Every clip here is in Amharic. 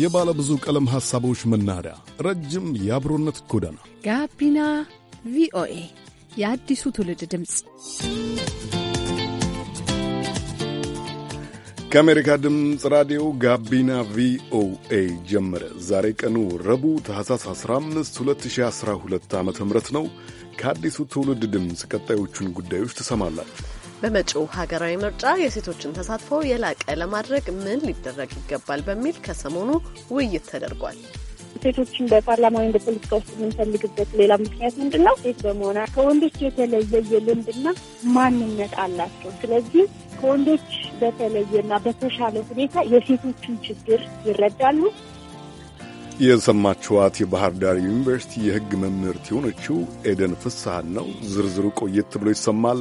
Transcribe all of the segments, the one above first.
የባለ ብዙ ቀለም ሐሳቦች መናኸሪያ፣ ረጅም የአብሮነት ጎዳና ጋቢና ቪኦኤ የአዲሱ ትውልድ ድምፅ ከአሜሪካ ድምፅ ራዲዮ ጋቢና ቪኦኤ ጀመረ። ዛሬ ቀኑ ረቡዕ ታህሳስ 15 2012 ዓ ም ነው። ከአዲሱ ትውልድ ድምፅ ቀጣዮቹን ጉዳዮች ትሰማላችሁ። በመጪው ሀገራዊ ምርጫ የሴቶችን ተሳትፎ የላቀ ለማድረግ ምን ሊደረግ ይገባል በሚል ከሰሞኑ ውይይት ተደርጓል። ሴቶችን በፓርላማ ወይም በፖለቲካ ውስጥ የምንፈልግበት ሌላ ምክንያት ምንድን ነው? ሴት በመሆና ከወንዶች የተለየ የልምድና ማንነት አላቸው። ስለዚህ ከወንዶች በተለየና በተሻለ ሁኔታ የሴቶችን ችግር ይረዳሉ። የሰማችኋት የባህር ዳር ዩኒቨርሲቲ የሕግ መምህርት የሆነችው ኤደን ፍስሐን ነው። ዝርዝሩ ቆየት ብሎ ይሰማል።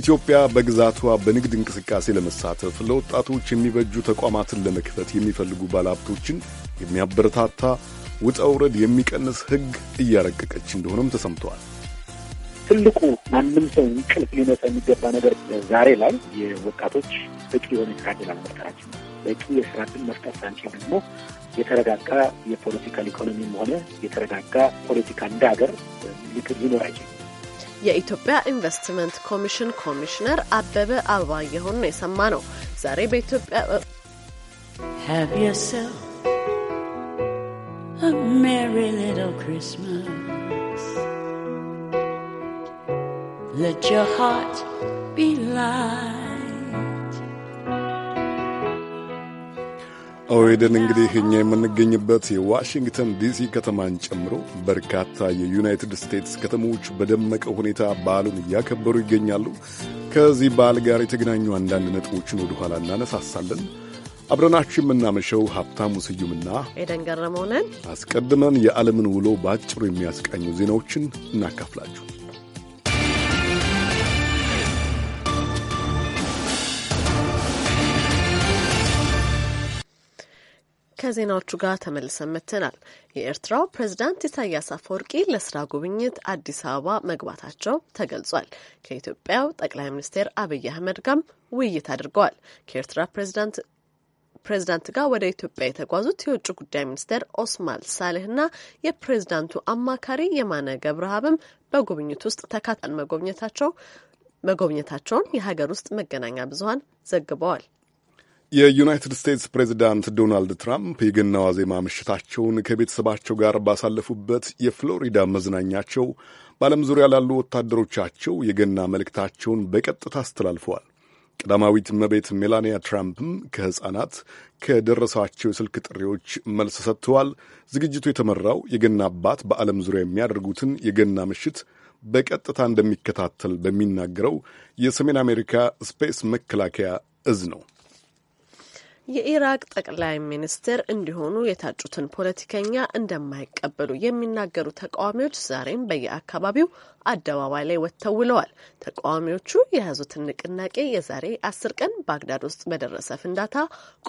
ኢትዮጵያ በግዛቷ በንግድ እንቅስቃሴ ለመሳተፍ ለወጣቶች የሚበጁ ተቋማትን ለመክፈት የሚፈልጉ ባለሀብቶችን የሚያበረታታ ውጣ ውረድ የሚቀንስ ሕግ እያረቀቀች እንደሆነም ተሰምተዋል። ትልቁ ማንም ሰው እንቅልፍ ሊነሳ የሚገባ ነገር ዛሬ ላይ የወጣቶች በቂ የሆነ ስራ ዕድል በቂ የስራ ዕድል መፍጠር ሳንችል ደግሞ የተረጋጋ የፖለቲካል ኢኮኖሚም ሆነ የተረጋጋ ፖለቲካ እንደ ሀገር ሊኖር አይችል የኢትዮጵያ ኢንቨስትመንት ኮሚሽን ኮሚሽነር አበበ አበባ አበባየሁን ነው የሰማ ነው። ዛሬ በኢትዮጵያ Have yourself a merry little Christmas. Let your heart be light. ኦዌደን እንግዲህ እኛ የምንገኝበት የዋሽንግተን ዲሲ ከተማን ጨምሮ በርካታ የዩናይትድ ስቴትስ ከተሞች በደመቀ ሁኔታ በዓሉን እያከበሩ ይገኛሉ። ከዚህ በዓል ጋር የተገናኙ አንዳንድ ነጥቦችን ወደ ኋላ እናነሳሳለን። አብረናችሁ የምናመሸው ሀብታሙ ስዩምና ኤደን ገረመውነን። አስቀድመን የዓለምን ውሎ በአጭሩ የሚያስቃኙ ዜናዎችን እናካፍላችሁ። ከዜናዎቹ ጋር ተመልሰን መጥተናል። የኤርትራው ፕሬዝዳንት ኢሳያስ አፈወርቂ ለስራ ጉብኝት አዲስ አበባ መግባታቸው ተገልጿል። ከኢትዮጵያው ጠቅላይ ሚኒስትር አብይ አህመድ ጋርም ውይይት አድርገዋል። ከኤርትራ ፕሬዝዳንት ፕሬዚዳንት ጋር ወደ ኢትዮጵያ የተጓዙት የውጭ ጉዳይ ሚኒስትር ሳሌህ ሳሌህና የፕሬዝዳንቱ አማካሪ የማነ ገብረአብም በጉብኝት ውስጥ ተካታን መጎብኘታቸው መጎብኘታቸውን የሀገር ውስጥ መገናኛ ብዙኃን ዘግበዋል። የዩናይትድ ስቴትስ ፕሬዚዳንት ዶናልድ ትራምፕ የገና ዋዜማ ምሽታቸውን ከቤተሰባቸው ጋር ባሳለፉበት የፍሎሪዳ መዝናኛቸው በዓለም ዙሪያ ላሉ ወታደሮቻቸው የገና መልእክታቸውን በቀጥታ አስተላልፈዋል። ቀዳማዊት እመቤት ሜላኒያ ትራምፕም ከሕፃናት ከደረሳቸው የስልክ ጥሪዎች መልስ ሰጥተዋል። ዝግጅቱ የተመራው የገና አባት በዓለም ዙሪያ የሚያደርጉትን የገና ምሽት በቀጥታ እንደሚከታተል በሚናገረው የሰሜን አሜሪካ ስፔስ መከላከያ እዝ ነው። የኢራቅ ጠቅላይ ሚኒስትር እንዲሆኑ የታጩትን ፖለቲከኛ እንደማይቀበሉ የሚናገሩ ተቃዋሚዎች ዛሬም በየአካባቢው አደባባይ ላይ ወጥተው ውለዋል። ተቃዋሚዎቹ የያዙትን ንቅናቄ የዛሬ አስር ቀን ባግዳድ ውስጥ በደረሰ ፍንዳታ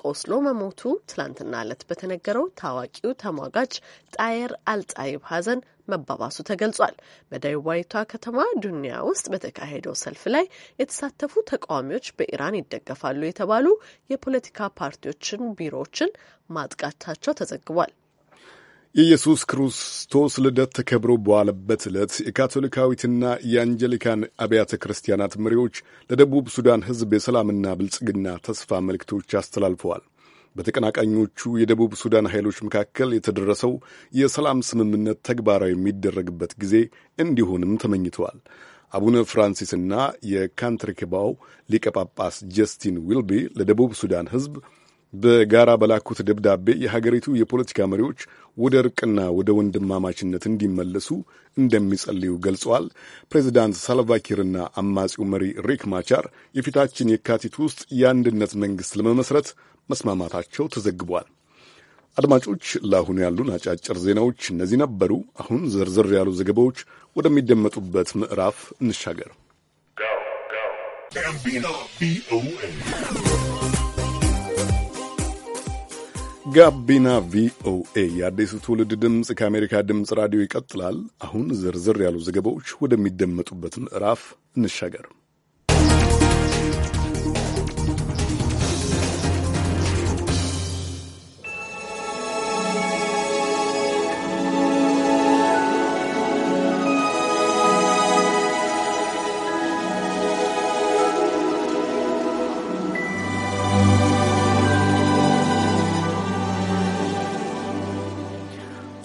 ቆስሎ መሞቱ ትላንትና ዕለት በተነገረው ታዋቂው ተሟጋች ጣየር አልጣይብ ሀዘን መባባሱ ተገልጿል። በደቡባዊቷ ከተማ ዱኒያ ውስጥ በተካሄደው ሰልፍ ላይ የተሳተፉ ተቃዋሚዎች በኢራን ይደገፋሉ የተባሉ የፖለቲካ ፓርቲዎችን ቢሮዎችን ማጥቃታቸው ተዘግቧል። የኢየሱስ ክርስቶስ ልደት ተከብሮ በዋለበት ዕለት የካቶሊካዊትና የአንጀሊካን አብያተ ክርስቲያናት መሪዎች ለደቡብ ሱዳን ሕዝብ የሰላምና ብልጽግና ተስፋ መልእክቶች አስተላልፈዋል። በተቀናቃኞቹ የደቡብ ሱዳን ኃይሎች መካከል የተደረሰው የሰላም ስምምነት ተግባራዊ የሚደረግበት ጊዜ እንዲሆንም ተመኝተዋል። አቡነ ፍራንሲስና የካንትሪክባው ሊቀ ጳጳስ ጀስቲን ዊልቢ ለደቡብ ሱዳን ሕዝብ በጋራ በላኩት ደብዳቤ የሀገሪቱ የፖለቲካ መሪዎች ወደ እርቅና ወደ ወንድማማችነት እንዲመለሱ እንደሚጸልዩ ገልጸዋል። ፕሬዚዳንት ሳልቫኪርና አማጺው መሪ ሪክ ማቻር የፊታችን የካቲት ውስጥ የአንድነት መንግሥት ለመመስረት መስማማታቸው ተዘግቧል። አድማጮች፣ ለአሁኑ ያሉን አጫጭር ዜናዎች እነዚህ ነበሩ። አሁን ዝርዝር ያሉ ዘገባዎች ወደሚደመጡበት ምዕራፍ እንሻገር። ጋቢና ቪኦኤ የአዲሱ ትውልድ ድምፅ ከአሜሪካ ድምፅ ራዲዮ ይቀጥላል። አሁን ዝርዝር ያሉ ዘገባዎች ወደሚደመጡበት ምዕራፍ እንሻገር።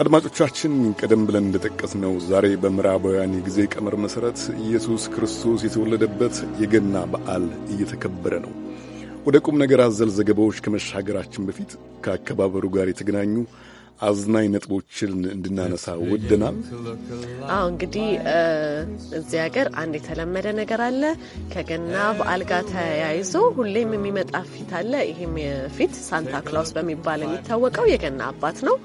አድማጮቻችን ቀደም ብለን እንደጠቀስነው ዛሬ በምዕራባውያን የጊዜ ቀመር መሠረት ኢየሱስ ክርስቶስ የተወለደበት የገና በዓል እየተከበረ ነው። ወደ ቁም ነገር አዘል ዘገባዎች ከመሻገራችን በፊት ከአከባበሩ ጋር የተገናኙ አዝናኝ ነጥቦችን እንድናነሳ ወደናል። አሁ እንግዲህ እዚህ ሀገር አንድ የተለመደ ነገር አለ። ከገና በዓል ጋር ተያይዞ ሁሌም የሚመጣ ፊት አለ። ይህም ፊት ሳንታ ክላውስ በሚባል የሚታወቀው የገና አባት ነው።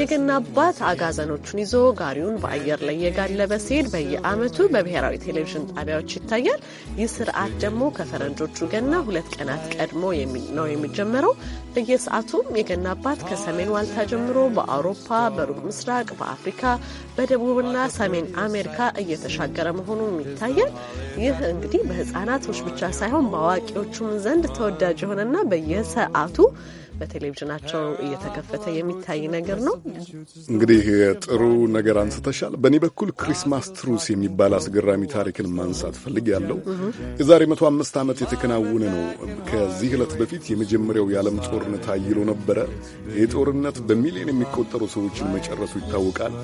የገና አባት አጋዘኖቹን ይዞ ጋሪውን በአየር ላይ የጋለበ ሲሄድ በየአመቱ በብሔራዊ ቴሌቪዥን ጣቢያዎች ይታያል። ይህ ስርዓት ደግሞ ከፈረንጆቹ ገና ሁለት ቀናት ቀድሞ ነው የሚጀመረው። በየሰዓቱም የገና አባት ከሰሜን ዋልታ ጀምሮ በአውሮፓ፣ በሩቅ ምስራቅ፣ በአፍሪካ፣ በደቡብና ሰሜን አሜሪካ እየተሻገረ መሆኑም ይታያል። ይህ እንግዲህ በህጻናቶች ብቻ ሳይሆን በአዋቂዎቹም ዘንድ ተወዳጅ የሆነና በየሰዓቱ በቴሌቪዥናቸው እየተከፈተ የሚታይ ነገር ነው። እንግዲህ ጥሩ ነገር አንስተሻል። በእኔ በኩል ክሪስማስ ትሩስ የሚባል አስገራሚ ታሪክን ማንሳት ያለው የዛሬ መቶ አምስት ዓመት የተከናወነ ነው። ከዚህ ዕለት በፊት የመጀመሪያው የዓለም ጦርነት አይሎ ነበረ። ይህ ጦርነት በሚሊዮን የሚቆጠሩ ሰዎችን መጨረሱ ይታወቃል።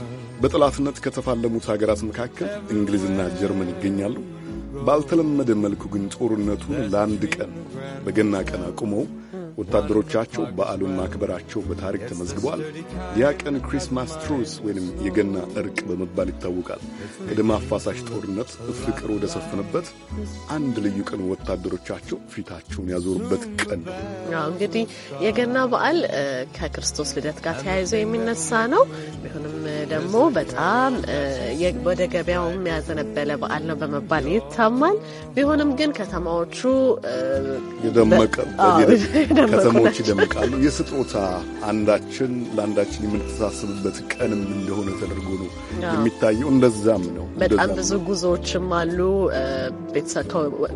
በጠላትነት ከተፋለሙት ሀገራት መካከል እንግሊዝና ጀርመን ይገኛሉ። ባልተለመደ መልኩ ግን ጦርነቱን ለአንድ ቀን በገና ቀን አቁመው ወታደሮቻቸው በዓሉን ማክበራቸው በታሪክ ተመዝግቧል። ያ ቀን ክሪስማስ ትሩስ ወይንም የገና እርቅ በመባል ይታወቃል። ከደም አፋሳሽ ጦርነት ፍቅር ወደ ሰፈነበት አንድ ልዩ ቀን ወታደሮቻቸው ፊታቸውን ያዞሩበት ቀን ነው። እንግዲህ የገና በዓል ከክርስቶስ ልደት ጋር ተያይዞ የሚነሳ ነው። ቢሆንም ደግሞ በጣም ወደ ገበያው ያዘነበለ በዓል ነው በመባል ይታማል። ቢሆንም ግን ከተማዎቹ የደመቀ ከተሞች ይደምቃሉ። የስጦታ አንዳችን ለአንዳችን የምንተሳስብበት ቀንም እንደሆነ ተደርጎ ነው የሚታየው። እንደዛም ነው። በጣም ብዙ ጉዞዎችም አሉ።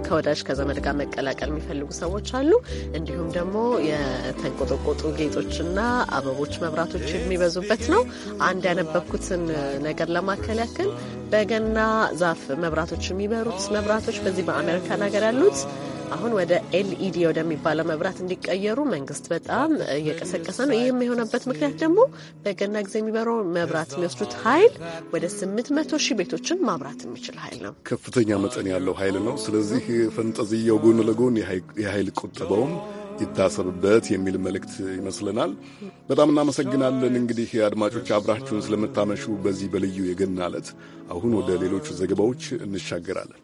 ከወዳጅ ከዘመድ ጋር መቀላቀል የሚፈልጉ ሰዎች አሉ። እንዲሁም ደግሞ የተንቆጠቆጡ ጌጦችና አበቦች፣ መብራቶች የሚበዙበት ነው። አንድ ያነበብኩትን ነገር ለማከል ያክል በገና ዛፍ መብራቶች የሚበሩት መብራቶች በዚህ በአሜሪካን ሀገር ያሉት አሁን ወደ ኤልኢዲ ወደሚባለው መብራት እንዲቀየሩ መንግስት በጣም እየቀሰቀሰ ነው። ይህም የሆነበት ምክንያት ደግሞ በገና ጊዜ የሚበረው መብራት የሚወስዱት ኃይል ወደ ስምንት መቶ ሺህ ቤቶችን ማብራት የሚችል ኃይል ነው። ከፍተኛ መጠን ያለው ኃይል ነው። ስለዚህ ፈንጠዝያው ጎን ለጎን የኃይል ቁጠባውም ይታሰብበት የሚል መልእክት ይመስለናል። በጣም እናመሰግናለን። እንግዲህ አድማጮች አብራችሁን ስለምታመሹ በዚህ በልዩ የገና ዕለት አሁን ወደ ሌሎቹ ዘገባዎች እንሻገራለን።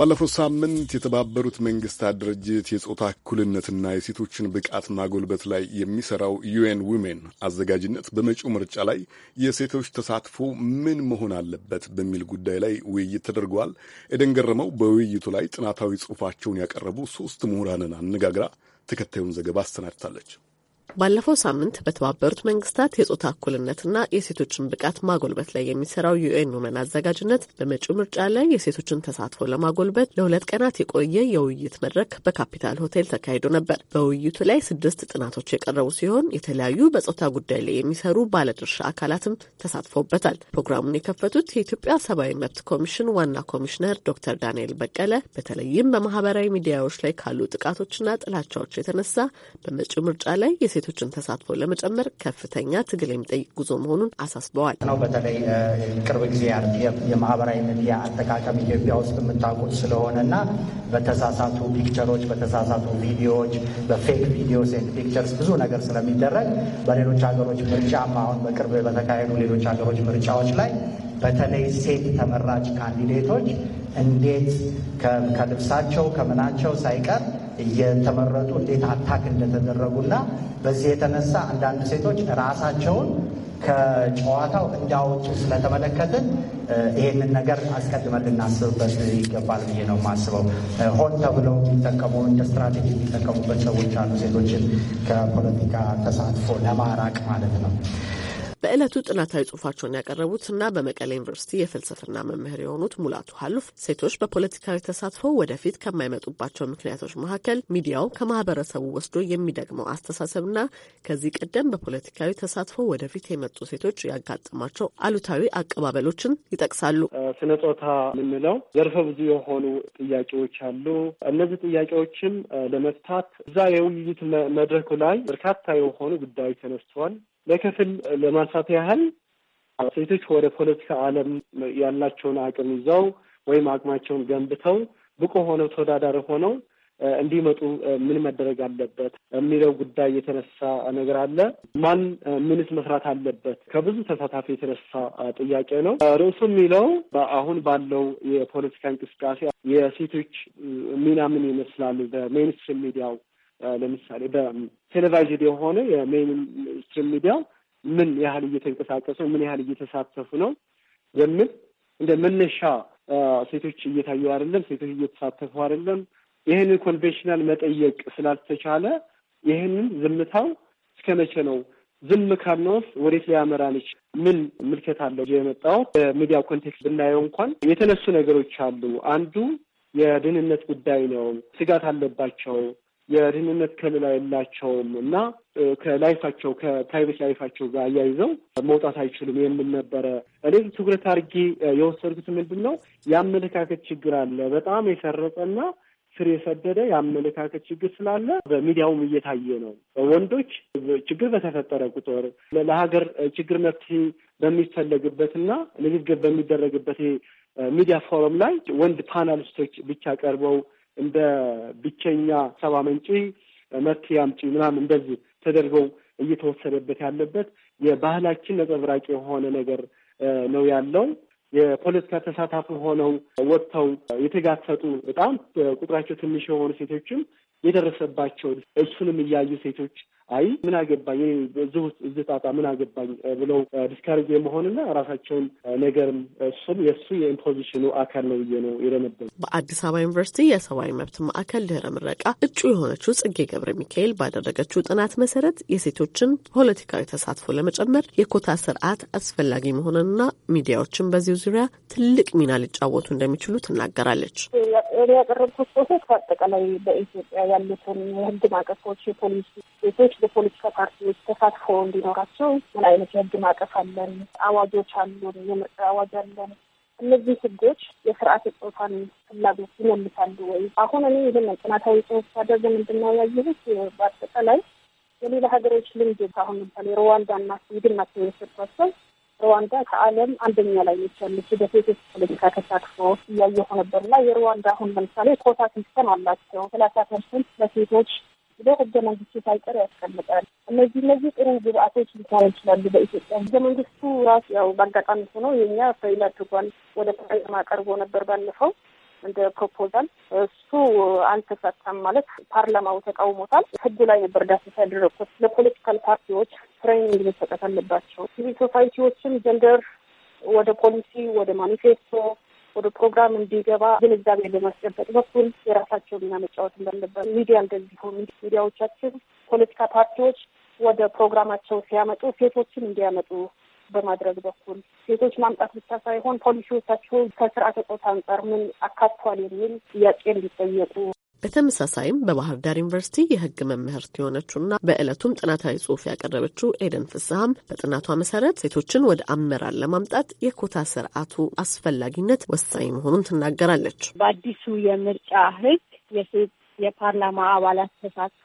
ባለፈው ሳምንት የተባበሩት መንግስታት ድርጅት የጾታ እኩልነትና የሴቶችን ብቃት ማጎልበት ላይ የሚሰራው ዩኤን ዊሜን አዘጋጅነት በመጪው ምርጫ ላይ የሴቶች ተሳትፎ ምን መሆን አለበት በሚል ጉዳይ ላይ ውይይት ተደርጓል። ኤደን ገረመው በውይይቱ ላይ ጥናታዊ ጽሑፋቸውን ያቀረቡ ሶስት ምሁራንን አነጋግራ ተከታዩን ዘገባ አሰናድታለች። ባለፈው ሳምንት በተባበሩት መንግስታት የጾታ እኩልነትና የሴቶችን ብቃት ማጎልበት ላይ የሚሰራው ዩኤን ውመን አዘጋጅነት በመጪው ምርጫ ላይ የሴቶችን ተሳትፎ ለማጎልበት ለሁለት ቀናት የቆየ የውይይት መድረክ በካፒታል ሆቴል ተካሂዶ ነበር። በውይይቱ ላይ ስድስት ጥናቶች የቀረቡ ሲሆን የተለያዩ በጾታ ጉዳይ ላይ የሚሰሩ ባለድርሻ አካላትም ተሳትፎበታል። ፕሮግራሙን የከፈቱት የኢትዮጵያ ሰብአዊ መብት ኮሚሽን ዋና ኮሚሽነር ዶክተር ዳንኤል በቀለ በተለይም በማህበራዊ ሚዲያዎች ላይ ካሉ ጥቃቶችና ጥላቻዎች የተነሳ በመጪው ምርጫ ላይ የሴቶችን ተሳትፎ ለመጨመር ከፍተኛ ትግል የሚጠይቅ ጉዞ መሆኑን አሳስበዋል። ነው በተለይ ቅርብ ጊዜ የማህበራዊ ሚዲያ አጠቃቀም ኢትዮጵያ ውስጥ የምታውቁት ስለሆነና በተሳሳቱ ፒክቸሮች፣ በተሳሳቱ ቪዲዮዎች፣ በፌክ ቪዲዮስ ኤንድ ፒክቸርስ ብዙ ነገር ስለሚደረግ በሌሎች ሀገሮች ምርጫም አሁን በቅርብ በተካሄዱ ሌሎች ሀገሮች ምርጫዎች ላይ በተለይ ሴት ተመራጭ ካንዲዴቶች እንዴት ከልብሳቸው ከምናቸው ሳይቀር እየተመረጡ እንዴት አታክ እንደተደረጉና በዚህ የተነሳ አንዳንድ ሴቶች ራሳቸውን ከጨዋታው እንዳወጡ ስለተመለከትን ይህንን ነገር አስቀድመን ልናስብበት ይገባል ብዬ ነው የማስበው። ሆን ተብለው የሚጠቀሙ እንደ ስትራቴጂ የሚጠቀሙበት ሰዎች አሉ፣ ሴቶችን ከፖለቲካ ተሳትፎ ለማራቅ ማለት ነው። በዕለቱ ጥናታዊ ጽሁፋቸውን ያቀረቡት እና በመቀሌ ዩኒቨርሲቲ የፍልስፍና መምህር የሆኑት ሙላቱ ሀሉፍ ሴቶች በፖለቲካዊ ተሳትፎ ወደፊት ከማይመጡባቸው ምክንያቶች መካከል ሚዲያው ከማህበረሰቡ ወስዶ የሚደግመው አስተሳሰብና ከዚህ ቀደም በፖለቲካዊ ተሳትፎ ወደፊት የመጡ ሴቶች ያጋጠማቸው አሉታዊ አቀባበሎችን ይጠቅሳሉ። ስነ ጾታ የምንለው ዘርፈ ብዙ የሆኑ ጥያቄዎች አሉ። እነዚህ ጥያቄዎችን ለመፍታት እዛ የውይይት መድረኩ ላይ በርካታ የሆኑ ጉዳዮች ተነስተዋል። በከፊል ለማንሳት ያህል ሴቶች ወደ ፖለቲካ ዓለም ያላቸውን አቅም ይዘው ወይም አቅማቸውን ገንብተው ብቁ ሆነው ተወዳዳሪ ሆነው እንዲመጡ ምን መደረግ አለበት የሚለው ጉዳይ የተነሳ ነገር አለ። ማን ምንስ መስራት አለበት ከብዙ ተሳታፊ የተነሳ ጥያቄ ነው። ርዕሱ የሚለው አሁን ባለው የፖለቲካ እንቅስቃሴ የሴቶች ሚና ምን ይመስላል በሜንስትሪም ሚዲያው ለምሳሌ በቴሌቪዥን የሆነ የሜንስትሪም ሚዲያ ምን ያህል እየተንቀሳቀሱ ምን ያህል እየተሳተፉ ነው የሚል እንደ መነሻ ሴቶች እየታዩ አይደለም፣ ሴቶች እየተሳተፉ አይደለም። ይህንን ኮንቬንሽናል መጠየቅ ስላልተቻለ ይህንን ዝምታው እስከ መቼ ነው? ዝም ካልነውስ ወዴት ሊያመራንች? ምን ምልከት አለው? የመጣው በሚዲያ ኮንቴክስት ብናየው እንኳን የተነሱ ነገሮች አሉ። አንዱ የደህንነት ጉዳይ ነው። ስጋት አለባቸው የደህንነት ከለላ የላቸውም እና ከላይፋቸው ከፕራይቬት ላይፋቸው ጋር አያይዘው መውጣት አይችሉም የሚል ነበረ። እኔ ትኩረት አድርጌ የወሰድኩት ምንድን ነው የአመለካከት ችግር አለ በጣም የሰረጸና ስር የሰደደ የአመለካከት ችግር ስላለ በሚዲያውም እየታየ ነው። ወንዶች ችግር በተፈጠረ ቁጥር ለሀገር ችግር መፍትሄ በሚፈለግበትና ንግግር በሚደረግበት ሚዲያ ፎረም ላይ ወንድ ፓናሊስቶች ብቻ ቀርበው እንደ ብቸኛ ሰባ መንጪ መፍትሄ አምጪ ምናምን እንደዚህ ተደርገው እየተወሰደበት ያለበት የባህላችን ነጸብራቂ የሆነ ነገር ነው ያለው። የፖለቲካ ተሳታፊ ሆነው ወጥተው የተጋፈጡ በጣም ቁጥራቸው ትንሽ የሆኑ ሴቶችም የደረሰባቸው እሱንም እያዩ ሴቶች አይ ምን አገባኝ እዚህ ውስጥ እዚህ ጣጣ ምን አገባኝ ብለው ዲስካሬጅ የመሆንና ራሳቸውን ነገርም እሱም የእሱ የኢምፖዚሽኑ አካል ነው ብዬ ነው የደነበሩ። በአዲስ አበባ ዩኒቨርሲቲ የሰብአዊ መብት ማዕከል ድህረ ምረቃ እጩ የሆነችው ጽጌ ገብረ ሚካኤል ባደረገችው ጥናት መሰረት የሴቶችን ፖለቲካዊ ተሳትፎ ለመጨመር የኮታ ስርዓት አስፈላጊ መሆንና ሚዲያዎችን በዚሁ ዙሪያ ትልቅ ሚና ሊጫወቱ እንደሚችሉ ትናገራለች። ያቀረብኩት ፕሮሰስ ከአጠቃላይ በኢትዮጵያ ያሉትን የህግ ማቀፎች የፖሊሲ ሴቶች ሌሎች የፖለቲካ ፓርቲዎች ተሳትፎ እንዲኖራቸው ምን አይነት የህግ ማዕቀፍ አለን? አዋጆች አሉን፣ የምርጫ አዋጅ አለን። እነዚህ ህጎች የስርዓተ ጾታን ፍላጎት ይመልሳሉ ወይ? አሁን እኔ ይህን ጥናታዊ ጽሁፍ ሳደርግ ምንድነው ያየሁት በአጠቃላይ የሌላ ሀገሮች ልምድ አሁን ለምሳሌ ሩዋንዳና ስዊድን ናቸው የሰጧቸው። ሩዋንዳ ከዓለም አንደኛ ላይ ነች ያለች በሴቶች ፖለቲካ ተሳትፎ እያየሁ ነበር እና የሩዋንዳ አሁን ለምሳሌ ኮታ ሲስተም አላቸው ሰላሳ ፐርሰንት ለሴቶች ብሎ ህገ መንግስቱ ሳይቀር ያስቀምጣል። እነዚህ እነዚህ ጥሩ ግብአቶች ሊሆኑ ይችላሉ። በኢትዮጵያ ህገ መንግስቱ ራሱ ያው በአጋጣሚ ሆኖ የኛ ፈይል አድርጓል። ወደ ፓርላማ ቀርቦ ነበር ባለፈው እንደ ፕሮፖዛል እሱ አልተሳካም ማለት ፓርላማው ተቃውሞታል። ህጉ ላይ ነበር ዳሰሳ ያደረግኩት። ለፖለቲካል ፓርቲዎች ትሬኒንግ መሰጠት አለባቸው። ሲቪል ሶሳይቲዎችም ጀንደር ወደ ፖሊሲ ወደ ማኒፌስቶ ወደ ፕሮግራም እንዲገባ ግንዛቤ በማስጨበጥ በኩል የራሳቸው ሚና መጫወት እንዳለበት ሚዲያ እንደዚህ ሆኑ ሚዲያዎቻችን ፖለቲካ ፓርቲዎች ወደ ፕሮግራማቸው ሲያመጡ ሴቶችን እንዲያመጡ በማድረግ በኩል ሴቶች ማምጣት ብቻ ሳይሆን ፖሊሲዎቻቸው ከስርዓተ ፆታ አንጻር ምን አካቷል የሚል ጥያቄ እንዲጠየቁ በተመሳሳይም በባህር ዳር ዩኒቨርሲቲ የህግ መምህርት የሆነችውና በዕለቱም ጥናታዊ ጽሁፍ ያቀረበችው ኤደን ፍስሐም በጥናቷ መሰረት ሴቶችን ወደ አመራር ለማምጣት የኮታ ስርዓቱ አስፈላጊነት ወሳኝ መሆኑን ትናገራለች። በአዲሱ የምርጫ ህግ የሴት የፓርላማ አባላት ተሳትፎ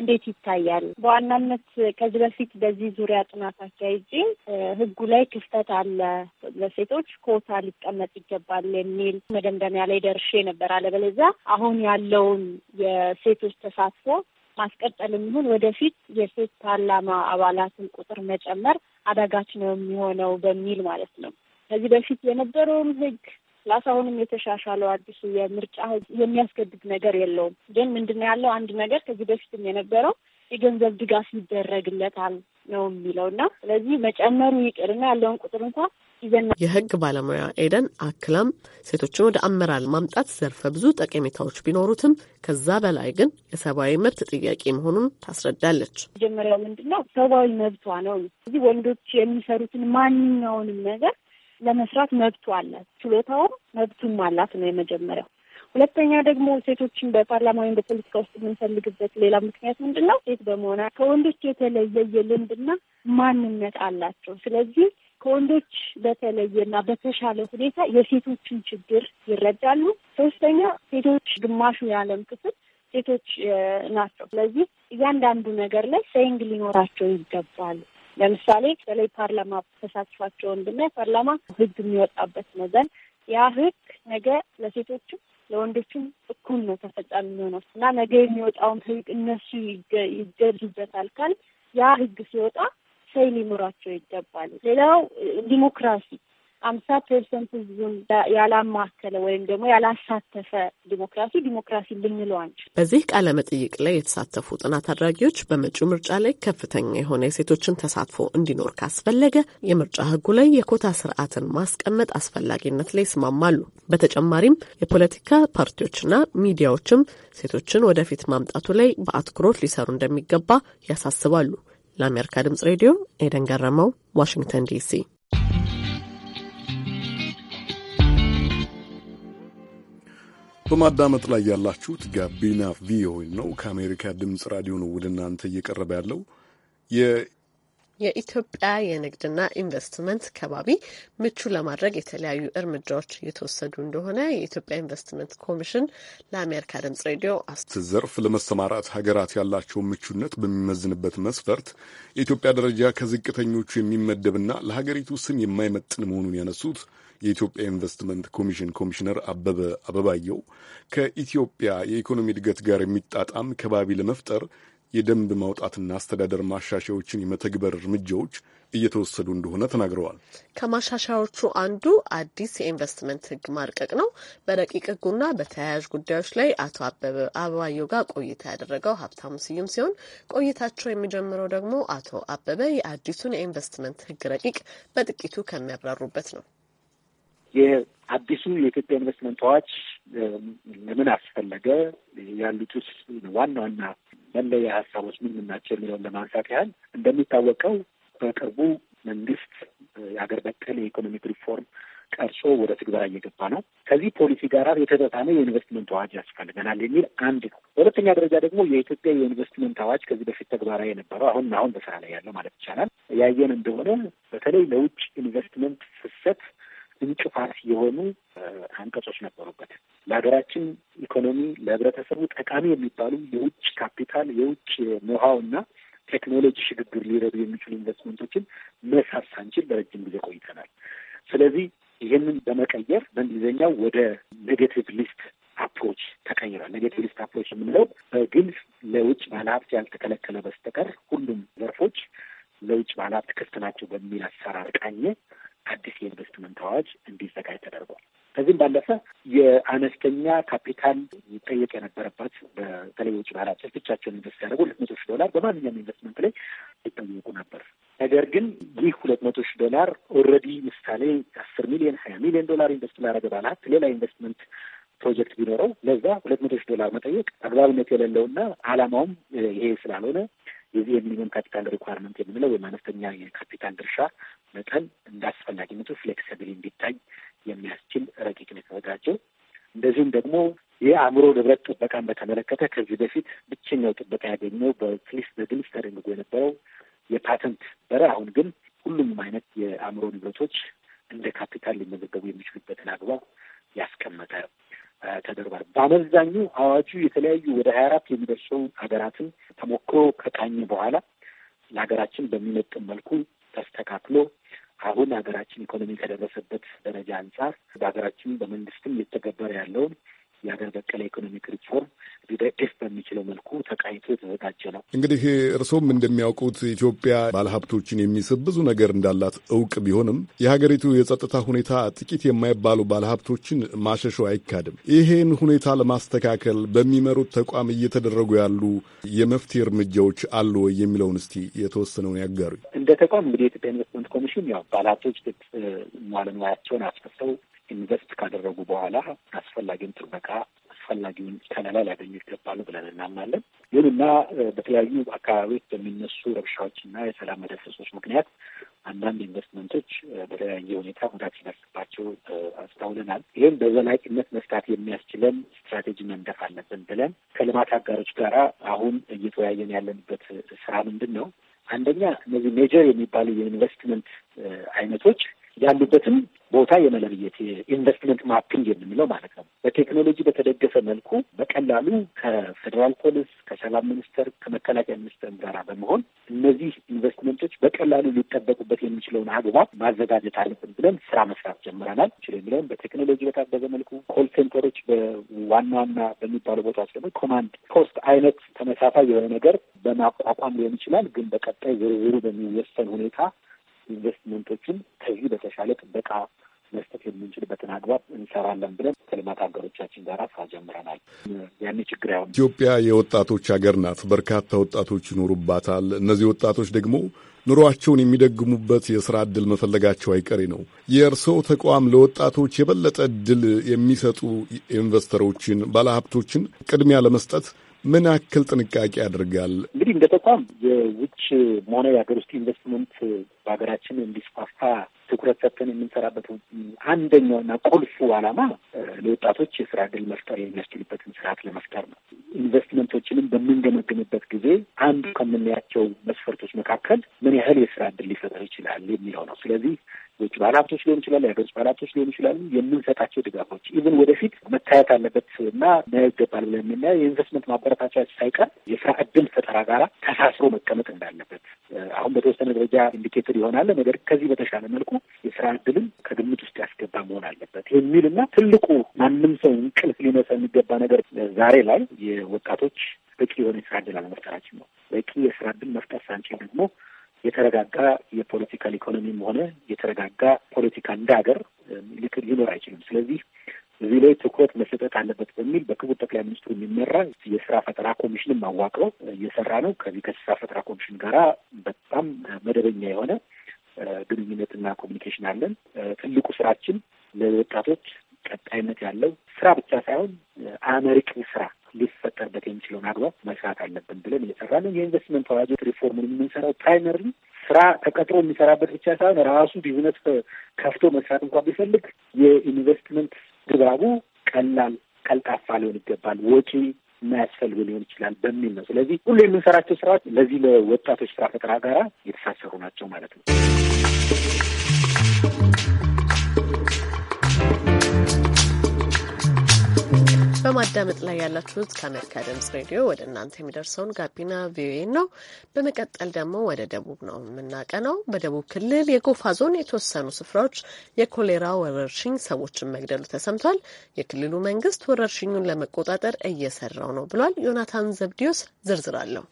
እንዴት ይታያል? በዋናነት ከዚህ በፊት በዚህ ዙሪያ ጥናት አካሄጄ ህጉ ላይ ክፍተት አለ፣ ለሴቶች ኮታ ሊቀመጥ ይገባል የሚል መደምደሚያ ላይ ደርሼ ነበር። አለበለዚያ አሁን ያለውን የሴቶች ተሳትፎ ማስቀጠል ይሁን ወደፊት የሴት ፓርላማ አባላትን ቁጥር መጨመር አዳጋች ነው የሚሆነው በሚል ማለት ነው። ከዚህ በፊት የነበረውን ህግ ፕላስ አሁንም የተሻሻለው አዲሱ የምርጫ የሚያስገድድ ነገር የለውም። ግን ምንድን ነው ያለው አንድ ነገር ከዚህ በፊትም የነበረው የገንዘብ ድጋፍ ይደረግለታል ነው የሚለው እና ስለዚህ መጨመሩ ይቅርና ያለውን ቁጥር እንኳን የህግ ባለሙያ ኤደን አክላም ሴቶችን ወደ አመራር ማምጣት ዘርፈ ብዙ ጠቀሜታዎች ቢኖሩትም ከዛ በላይ ግን የሰብአዊ መብት ጥያቄ መሆኑን ታስረዳለች። መጀመሪያው ምንድን ነው ሰብአዊ መብቷ ነው። እዚህ ወንዶች የሚሰሩትን ማንኛውንም ነገር ለመስራት መብቱ አለ፣ ችሎታውም መብቱም አላት ነው የመጀመሪያው። ሁለተኛ ደግሞ ሴቶችን በፓርላማ ወይም በፖለቲካ ውስጥ የምንፈልግበት ሌላ ምክንያት ምንድን ነው? ሴት በመሆና ከወንዶች የተለየ የልምድና ማንነት አላቸው። ስለዚህ ከወንዶች በተለየና በተሻለ ሁኔታ የሴቶችን ችግር ይረዳሉ። ሶስተኛ ሴቶች ግማሹ የዓለም ክፍል ሴቶች ናቸው። ስለዚህ እያንዳንዱ ነገር ላይ ሰይንግ ሊኖራቸው ይገባል። ለምሳሌ በተለይ ፓርላማ ተሳትፏቸውን ብናይ ፓርላማ ህግ የሚወጣበት መዘን ያ ህግ ነገ ለሴቶችም ለወንዶችም እኩል ነው ተፈጻሚ የሚሆነው እና ነገ የሚወጣውን ህግ እነሱ ይገዙበታል ካል ያ ህግ ሲወጣ ሰይ ሊኖራቸው ይገባል። ሌላው ዲሞክራሲ አምሳ ፐርሰንት ህዝቡን ያላማከለ ወይም ደግሞ ያላሳተፈ ዲሞክራሲ ዲሞክራሲ ልንለው አንችል። በዚህ ቃለ መጠይቅ ላይ የተሳተፉ ጥናት አድራጊዎች በመጪው ምርጫ ላይ ከፍተኛ የሆነ የሴቶችን ተሳትፎ እንዲኖር ካስፈለገ የምርጫ ህጉ ላይ የኮታ ስርዓትን ማስቀመጥ አስፈላጊነት ላይ ይስማማሉ። በተጨማሪም የፖለቲካ ፓርቲዎችና ሚዲያዎችም ሴቶችን ወደፊት ማምጣቱ ላይ በአትኩሮት ሊሰሩ እንደሚገባ ያሳስባሉ። ለአሜሪካ ድምጽ ሬዲዮ ኤደን ገረመው፣ ዋሽንግተን ዲሲ በማዳመጥ ላይ ያላችሁት ጋቢና ቪኦኤ ነው። ከአሜሪካ ድምፅ ራዲዮ ነው ወደ እናንተ እየቀረበ ያለው። የኢትዮጵያ የንግድና ኢንቨስትመንት ከባቢ ምቹ ለማድረግ የተለያዩ እርምጃዎች እየተወሰዱ እንደሆነ የኢትዮጵያ ኢንቨስትመንት ኮሚሽን ለአሜሪካ ድምጽ ሬዲዮ ዘርፍ ለመሰማራት ሀገራት ያላቸውን ምቹነት በሚመዝንበት መስፈርት የኢትዮጵያ ደረጃ ከዝቅተኞቹ የሚመደብና ለሀገሪቱ ስም የማይመጥን መሆኑን ያነሱት የኢትዮጵያ ኢንቨስትመንት ኮሚሽን ኮሚሽነር አበበ አበባየው ከኢትዮጵያ የኢኮኖሚ እድገት ጋር የሚጣጣም ከባቢ ለመፍጠር የደንብ ማውጣትና አስተዳደር ማሻሻያዎችን የመተግበር እርምጃዎች እየተወሰዱ እንደሆነ ተናግረዋል። ከማሻሻያዎቹ አንዱ አዲስ የኢንቨስትመንት ሕግ ማርቀቅ ነው። በረቂቅ ሕጉና በተያያዥ ጉዳዮች ላይ አቶ አበበ አበባየው ጋር ቆይታ ያደረገው ሀብታሙ ስዩም ሲሆን ቆይታቸው የሚጀምረው ደግሞ አቶ አበበ የአዲሱን የኢንቨስትመንት ሕግ ረቂቅ በጥቂቱ ከሚያብራሩበት ነው። የአዲሱ የኢትዮጵያ ኢንቨስትመንት አዋጅ ለምን አስፈለገ ያሉትስ ዋና ዋና መለያ ሀሳቦች ምን ምናቸው የሚለውን ለማንሳት ያህል እንደሚታወቀው በቅርቡ መንግስት የሀገር በቀል የኢኮኖሚክ ሪፎርም ቀርጾ ወደ ትግበራ እየገባ ነው። ከዚህ ፖሊሲ ጋር የተጣጣመ የኢንቨስትመንት አዋጅ ያስፈልገናል የሚል አንድ ነው። በሁለተኛ ደረጃ ደግሞ የኢትዮጵያ የኢንቨስትመንት አዋጅ ከዚህ በፊት ተግባራዊ የነበረው አሁን አሁን በስራ ላይ ያለው ማለት ይቻላል ያየን እንደሆነ በተለይ ለውጭ ኢንቨስትመንት ፍሰት እንቅፋት የሆኑ አንቀጾች ነበሩበት። ለሀገራችን ኢኮኖሚ፣ ለህብረተሰቡ ጠቃሚ የሚባሉ የውጭ ካፒታል፣ የውጭ ኖሃው እና ቴክኖሎጂ ሽግግር ሊረዱ የሚችሉ ኢንቨስትመንቶችን መሳብ ሳንችል ለረጅም ጊዜ ቆይተናል። ስለዚህ ይህንን በመቀየር በእንግሊዝኛው ወደ ኔጌቲቭ ሊስት አፕሮች ተቀይሯል። ኔጌቲቭ ሊስት አፕሮች የምንለው በግልጽ ለውጭ ባለሀብት ያልተከለከለ በስተቀር ሁሉም ዘርፎች ለውጭ ባለሀብት ክፍት ናቸው በሚል አሰራር ቃኘ አዲስ የኢንቨስትመንት አዋጅ እንዲዘጋጅ ተደርጓል። ከዚህም ባለፈ የአነስተኛ ካፒታል ይጠየቅ የነበረባት በተለይ የውጭ ባለ ብቻቸውን ኢንቨስት ያደረጉ ሁለት መቶ ሺህ ዶላር በማንኛውም ኢንቨስትመንት ላይ ይጠየቁ ነበር። ነገር ግን ይህ ሁለት መቶ ሺህ ዶላር ኦልሬዲ ምሳሌ አስር ሚሊዮን ሀያ ሚሊዮን ዶላር ኢንቨስት ላደረገ ባለ ሌላ ኢንቨስትመንት ፕሮጀክት ቢኖረው ለዛ ሁለት መቶ ሺህ ዶላር መጠየቅ አግባብነት የሌለውና አላማውም ይሄ ስላልሆነ የዚህ የሚኒመም ካፒታል ሪኳርመንት የምንለው ወይም አነስተኛ የካፒታል ድርሻ መጠን እንደ አስፈላጊነቱ ፍሌክሲብል እንዲታይ የሚያስችል ረቂቅ ነው የተዘጋጀው። እንደዚሁም ደግሞ የአእምሮ ንብረት ጥበቃን በተመለከተ ከዚህ በፊት ብቸኛው ጥበቃ ያገኘው በፍሊስ በግልጽ ተደንግጎ የነበረው የፓተንት በረ አሁን ግን ሁሉም አይነት የአእምሮ ንብረቶች እንደ ካፒታል ሊመዘገቡ የሚችሉበትን አግባብ ያስቀመጠ ተደርጓል። በአመዛኙ አዋጁ የተለያዩ ወደ ሀያ አራት የሚደርሰው ሀገራትን ተሞክሮ ከቃኘ በኋላ ለሀገራችን በሚመጥን መልኩ ተስተካክሎ አሁን ሀገራችን ኢኮኖሚ ከደረሰበት ደረጃ አንጻር በሀገራችን በመንግስትም እየተገበረ ያለውን የሀገር በቀል ኢኮኖሚክ ሪፎርም ሊደግፍ በሚችለው መልኩ ተቃይቶ የተዘጋጀ ነው። እንግዲህ እርስዎም እንደሚያውቁት ኢትዮጵያ ባለሀብቶችን የሚስብ ብዙ ነገር እንዳላት እውቅ ቢሆንም የሀገሪቱ የጸጥታ ሁኔታ ጥቂት የማይባሉ ባለሀብቶችን ማሸሸው አይካድም። ይሄን ሁኔታ ለማስተካከል በሚመሩት ተቋም እየተደረጉ ያሉ የመፍትሄ እርምጃዎች አሉ ወይ የሚለውን እስቲ የተወሰነውን ያጋሩ። እንደ ተቋም እንግዲህ የኢትዮጵያ ኢንቨስትመንት ኮሚሽን ያው ባለሀብቶች ሟለሙያቸውን አስፈሰው ኢንቨስት ካደረጉ በኋላ አስፈላጊውን ጥበቃ አስፈላጊውን ከለላ ሊያገኙ ይገባሉ ብለን እናምናለን። ይሁንና በተለያዩ አካባቢዎች በሚነሱ እና የሰላም መደፍረሶች ምክንያት አንዳንድ ኢንቨስትመንቶች በተለያየ ሁኔታ ጉዳት ሲደርስባቸው አስተውለናል። ይህም በዘላቂነት መፍታት የሚያስችለን ስትራቴጂ መንደፍ አለብን ብለን ከልማት አጋሮች ጋራ አሁን እየተወያየን ያለንበት ስራ ምንድን ነው? አንደኛ እነዚህ ሜጀር የሚባሉ የኢንቨስትመንት አይነቶች ያሉበትም ቦታ የመለብየት የኢንቨስትመንት ማፒንግ የምንለው ማለት ነው። በቴክኖሎጂ በተደገፈ መልኩ በቀላሉ ከፌዴራል ፖሊስ፣ ከሰላም ሚኒስቴር፣ ከመከላከያ ሚኒስቴር ጋር በመሆን እነዚህ ኢንቨስትመንቶች በቀላሉ ሊጠበቁበት የሚችለውን አግባብ ማዘጋጀት አለብን ብለን ስራ መስራት ጀምረናል። ችል የሚለውን በቴክኖሎጂ በታገዘ መልኩ ኮል ሴንተሮች በዋና ዋና በሚባሉ ቦታዎች ደግሞ ኮማንድ ፖስት አይነት ተመሳሳይ የሆነ ነገር በማቋቋም ሊሆን ይችላል። ግን በቀጣይ ዝርዝሩ በሚወሰን ሁኔታ ኢንቨስትመንቶችን ከዚህ በተሻለ ጥበቃ መስጠት የምንችልበትን አግባብ እንሰራለን ብለን ከልማት ሀገሮቻችን ጋር ስራ ጀምረናል። ያኔ ችግር አይሆንም። ኢትዮጵያ የወጣቶች ሀገር ናት። በርካታ ወጣቶች ይኖሩባታል። እነዚህ ወጣቶች ደግሞ ኑሯቸውን የሚደግሙበት የስራ እድል መፈለጋቸው አይቀሬ ነው። የእርስዎ ተቋም ለወጣቶች የበለጠ እድል የሚሰጡ ኢንቨስተሮችን፣ ባለሀብቶችን ቅድሚያ ለመስጠት ምን ያክል ጥንቃቄ ያደርጋል? እንግዲህ እንደ ተቋም የውጭ መሆነ የሀገር ውስጥ ኢንቨስትመንት በሀገራችን እንዲስፋፋ ትኩረት ሰጥተን የምንሰራበት አንደኛውና ቁልፉ ዓላማ ለወጣቶች የስራ እድል መፍጠር የሚያስችልበትን ስርዓት ለመፍጠር ነው። ኢንቨስትመንቶችንም በምንገመገምበት ጊዜ አንዱ ከምናያቸው መስፈርቶች መካከል ምን ያህል የስራ እድል ሊፈጠር ይችላል የሚለው ነው። ስለዚህ ውጭ ባለሀብቶች ሊሆን ይችላሉ፣ የሀገር ውስጥ ባለሀብቶች ሊሆን ይችላሉ። የምንሰጣቸው ድጋፎች ኢቭን ወደፊት መታየት አለበት እና መያ ይገባል ብለን የምናየው የኢንቨስትመንት ማበረታቻ ሳይቀር የስራ እድል ፈጠራ ጋር ተሳስሮ መቀመጥ እንዳለበት አሁን በተወሰነ ደረጃ ኢንዲኬተር ይሆናል። ነገር ከዚህ በተሻለ መልኩ የስራ እድልን ከግምት ውስጥ ያስገባ መሆን አለበት የሚል የሚልና ትልቁ ማንም ሰው እንቅልፍ ሊነሳ የሚገባ ነገር ዛሬ ላይ የወጣቶች በቂ የሆነ የስራ እድል አለመፍጠራችን ነው። በቂ የስራ እድል መፍጠር ሳንችል ደግሞ የተረጋጋ የፖለቲካል ኢኮኖሚም ሆነ የተረጋጋ ፖለቲካ እንደ ሀገር ሊኖር አይችልም። ስለዚህ እዚህ ላይ ትኩረት መሰጠት አለበት በሚል በክቡር ጠቅላይ ሚኒስትሩ የሚመራ የስራ ፈጠራ ኮሚሽንም አዋቅረው እየሰራ ነው። ከዚህ ከስራ ፈጠራ ኮሚሽን ጋራ በጣም መደበኛ የሆነ ግንኙነትና ኮሚኒኬሽን አለን። ትልቁ ስራችን ለወጣቶች ቀጣይነት ያለው ስራ ብቻ ሳይሆን አመርቂ ስራ ሊፈጠርበት የሚችለውን አግባብ መስራት አለብን ብለን እየሰራለን። የኢንቨስትመንት አዋጆች ሪፎርሙን የምንሰራው ፕራይመሪ ስራ ተቀጥሮ የሚሰራበት ብቻ ሳይሆን ራሱ ቢዝነስ ከፍቶ መስራት እንኳ ቢፈልግ የኢንቨስትመንት ድባቡ ቀላል፣ ቀልጣፋ ሊሆን ይገባል ወጪ የማያስፈልግ ሊሆን ይችላል በሚል ነው። ስለዚህ ሁሉ የምንሰራቸው ስራዎች ለዚህ ለወጣቶች ስራ ፈጠራ ጋራ የተሳሰሩ ናቸው ማለት ነው። በማዳመጥ ላይ ያላችሁት ከአሜሪካ ድምጽ ሬዲዮ ወደ እናንተ የሚደርሰውን ጋቢና ቪኦኤ ነው። በመቀጠል ደግሞ ወደ ደቡብ ነው የምናቀነው። በደቡብ ክልል የጎፋ ዞን የተወሰኑ ስፍራዎች የኮሌራ ወረርሽኝ ሰዎችን መግደሉ ተሰምቷል። የክልሉ መንግስት ወረርሽኙን ለመቆጣጠር እየሰራው ነው ብሏል። ዮናታን ዘብዲዮስ ዝርዝር አለው።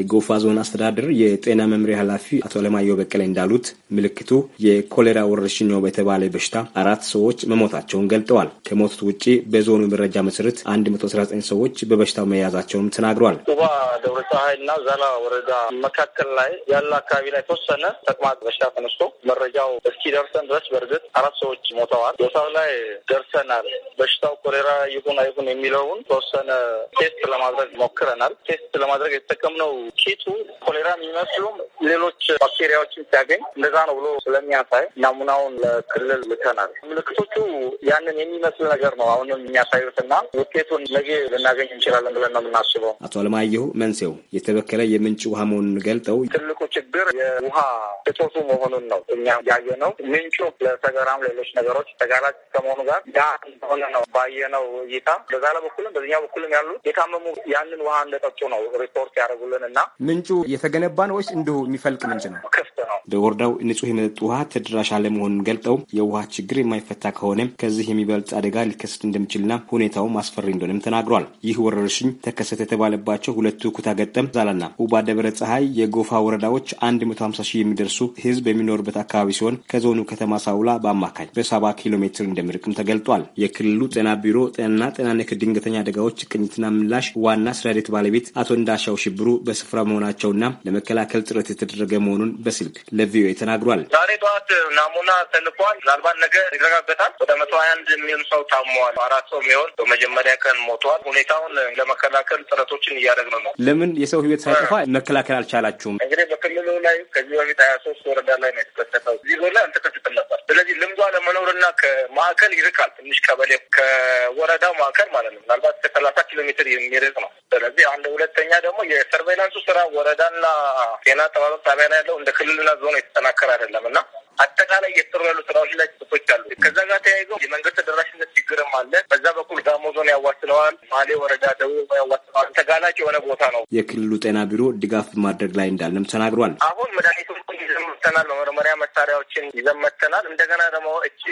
የጎፋ ዞን አስተዳደር የጤና መምሪያ ኃላፊ አቶ አለማየሁ በቀለ እንዳሉት ምልክቱ የኮሌራ ወረርሽኝ ነው በተባለ በሽታ አራት ሰዎች መሞታቸውን ገልጠዋል። ከሞቱት ውጭ በዞኑ መረጃ መሰረት 119 ሰዎች በበሽታው መያዛቸውም ተናግሯል። ቁባ ደብረ ፀሐይ ዛላ ወረዳ መካከል ላይ ያለ አካባቢ ላይ ተወሰነ ተቅማጥ በሽታ ተነስቶ መረጃው እስኪደርሰን ድረስ በእርግጥ አራት ሰዎች ሞተዋል። ቦታው ላይ ደርሰናል። በሽታው ኮሌራ ይሁን አይሁን የሚለውን ተወሰነ ቴስት ለማድረግ ሞክረናል። ቴስት ለማድረግ የተጠቀምነው ኪቱ ኮሌራ የሚመስሉም ሌሎች ባክቴሪያዎችን ሲያገኝ እንደዛ ነው ብሎ ስለሚያሳይ ናሙናውን ለክልል ልከናል። ምልክቶቹ ያንን የሚመስል ነገር ነው አሁንም የሚያሳዩትና ውጤቱን ነገ ልናገኝ እንችላለን ብለን ነው የምናስበው። አቶ አለማየሁ መንሴው የተበከለ የምንጭ ውሃ መሆኑን ገልጠው ትልቁ ችግር የውሃ እጦቱ መሆኑን ነው እኛ ያየ ነው። ምንጩ ለሰገራም ሌሎች ነገሮች ተጋላጭ ከመሆኑ ጋር ያ ሆነ ነው ባየነው እይታ በዛ ለበኩልም በዚኛ በኩልም ያሉት የታመሙ ያንን ውሃ እንደጠጡ ነው ሪፖርት ያደረጉልን እና ምንጩ የተገነባ ነው ወይስ እንዲሁ የሚፈልቅ ምንጭ ነው? ክፍት በወረዳው ንጹህ የመጠጥ ውሃ ተደራሽ አለመሆኑን ገልጠው የውሃ ችግር የማይፈታ ከሆነ ከዚህ የሚበልጥ አደጋ ሊከሰት እንደሚችልና ሁኔታው አስፈሪ እንደሆነም ተናግሯል። ይህ ወረርሽኝ ተከሰተ የተባለባቸው ሁለቱ ኩታ ገጠም ዛላና ኡባ ደብረ ፀሐይ የጎፋ ወረዳዎች 150 ሺህ የሚደርሱ ህዝብ የሚኖርበት አካባቢ ሲሆን ከዞኑ ከተማ ሳውላ በአማካኝ በ70 ኪሎ ሜትር እንደሚርቅም ተገልጧል። የክልሉ ጤና ቢሮ ጤናና ጤና ነክ ድንገተኛ አደጋዎች ቅኝትና ምላሽ ዋና ስራ ሂደት ባለቤት አቶ እንዳሻው ሽብሩ በሰ ስፍራ መሆናቸውና ለመከላከል ጥረት የተደረገ መሆኑን በስልክ ለቪኦኤ ተናግሯል። ዛሬ ጠዋት ናሙና ተልኳል። ምናልባት ነገ ይረጋገጣል። ወደ መቶ ሀያ አንድ የሚሆን ሰው ታሟል። አራት ሰው የሚሆን በመጀመሪያ ቀን ሞቷል። ሁኔታውን ለመከላከል ጥረቶችን እያደረግን ነው። ለምን የሰው ህይወት ሳይጠፋ መከላከል አልቻላችሁም? እንግዲህ በክልሉ ላይ ከዚህ በፊት ሀያ ሶስት ወረዳ ላይ ነው የተከሰተው። እዚህ ዞን ላይ አልተከሰተም ነበር። ስለዚህ ልምዷ ለመኖርና ከማዕከል ይርቃል። ትንሽ ቀበሌ ከወረዳው ማዕከል ማለት ነው። ምናልባት ከሰላሳ ኪሎ ሜትር የሚርቅ ነው። ስለዚህ አንድ ሁለተኛ ደግሞ የሰርቬላ የፋይናንሱ ስራ ወረዳና ጤና አጠባበቅ ጣቢያ ላይ ያለው እንደ ክልልና ዞን የተጠናከረ አይደለም እና አጠቃላይ እየተሰሩ ያሉ ስራዎች ላይ ጥቶች አሉ። ከዛ ጋር ተያይዘው የመንገድ ተደራሽነት ችግርም አለ። በዛ በኩል ጋሞ ዞን ያዋስነዋል፣ ማሌ ወረዳ ደቡብ ያዋስነዋል። ተጋላጭ የሆነ ቦታ ነው። የክልሉ ጤና ቢሮ ድጋፍ ማድረግ ላይ እንዳለም ተናግሯል። አሁን መድኃኒቱ ይዘን መተናል፣ መመርመሪያ መሳሪያዎችን ይዘን እንደገና ደግሞ እቺ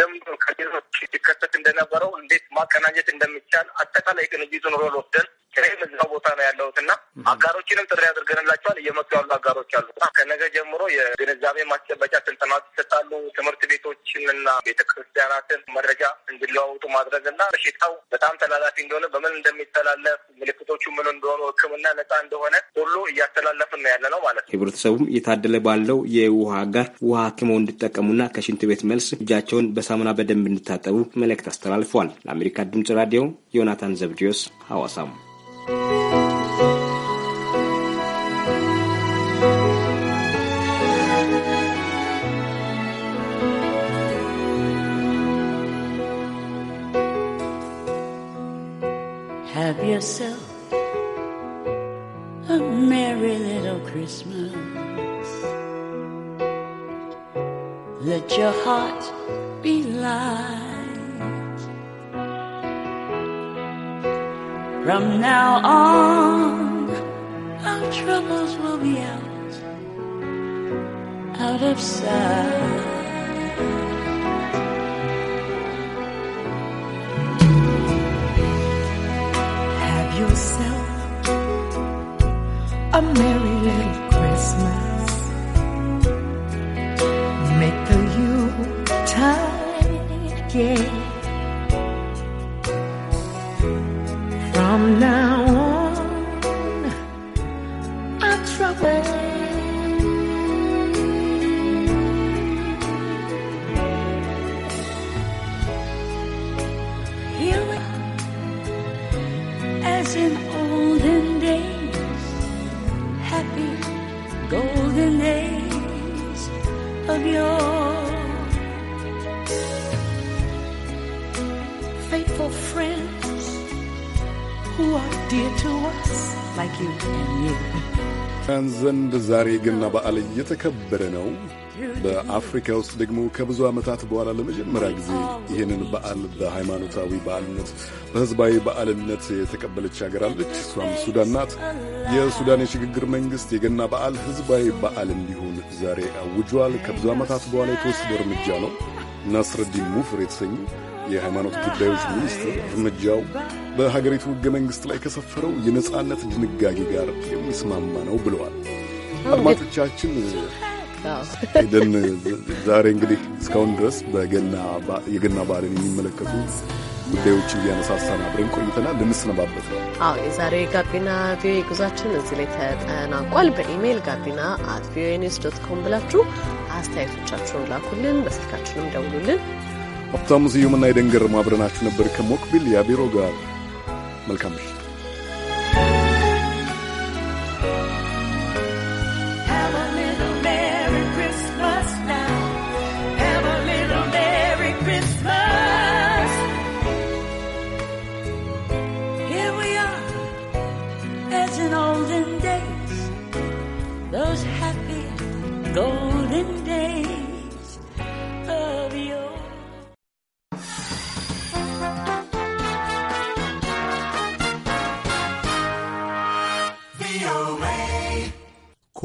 ልምድ ከሌሎች ሲከሰት እንደነበረው እንዴት ማቀናጀት እንደሚቻል አጠቃላይ ቅንጅቱን ሮል ወስደን ኪራይም እዚያው ቦታ ነው ያለሁት እና አጋሮችንም ጥሪ አድርገንላቸዋል። እየመጡ ያሉ አጋሮች አሉ። ከነገ ጀምሮ የግንዛቤ ማስጨበጫ ስልጠናዎች ይሰጣሉ። ትምህርት ቤቶችን እና ቤተክርስቲያናትን መረጃ እንዲለዋውጡ ማድረግ እና በሽታው በጣም ተላላፊ እንደሆነ፣ በምን እንደሚተላለፍ፣ ምልክቶቹ ምን እንደሆኑ፣ ሕክምና ነጻ እንደሆነ ሁሉ እያስተላለፍን ነው ያለ ነው ማለት ነው። ህብረተሰቡም እየታደለ ባለው የውሃ አጋር ውሃ አክመው እንዲጠቀሙና ከሽንት ቤት መልስ እጃቸውን በሳሙና በደንብ እንዲታጠቡ መልእክት አስተላልፏል። ለአሜሪካ ድምጽ ራዲዮ ዮናታን ዘብድዮስ ሐዋሳም Have yourself a merry little Christmas. Let your heart be light. From now on, our troubles will be out, out of sight. Have yourself a merry little Christmas. Make the Yuletide gay. ያን ዘንድ ዛሬ ገና በዓል እየተከበረ ነው። በአፍሪካ ውስጥ ደግሞ ከብዙ ዓመታት በኋላ ለመጀመሪያ ጊዜ ይህንን በዓል በሃይማኖታዊ በዓልነት በሕዝባዊ በዓልነት የተቀበለች ሀገር አለች። እሷም ሱዳን ናት። የሱዳን የሽግግር መንግሥት የገና በዓል ሕዝባዊ በዓል እንዲሆን ዛሬ አውጇል። ከብዙ ዓመታት በኋላ የተወሰደ እርምጃ ነው። ናስረዲን ሙፍር የተሰኙ የሃይማኖት ጉዳዮች ሚኒስትር እርምጃው በሀገሪቱ ሕገ መንግሥት ላይ ከሰፈረው የነጻነት ድንጋጌ ጋር የሚስማማ ነው ብለዋል። አድማጮቻችን ደን ዛሬ እንግዲህ እስካሁን ድረስ የገና በዓልን የሚመለከቱ ጉዳዮችን እያነሳሳን አብረን ቆይተናል። ልንስነባበት ነው። አዎ የዛሬው የጋቢና ቪኦኤ ጉዟችን እዚህ ላይ ተጠናቋል። በኢሜይል ጋቢና አት ቪኦኤ ኒውስ ዶት ኮም ብላችሁ አስተያየቶቻችሁን ላኩልን፣ በስልካችንም ደውሉልን። ሀብታሙ ስዩምና የደንገር ማብረናችሁ ነበር ከሞክቢል ያቢሮ ጋር መልካም ምሽት።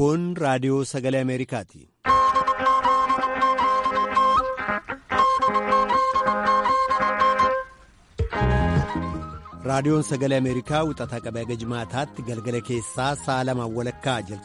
Kun raadiyoo sagalee Ameerikaati. Raadiyoon sagalee Ameerikaa wixataa qabee haga jimaataatti galgala keessaa sa'a lamaan walakkaa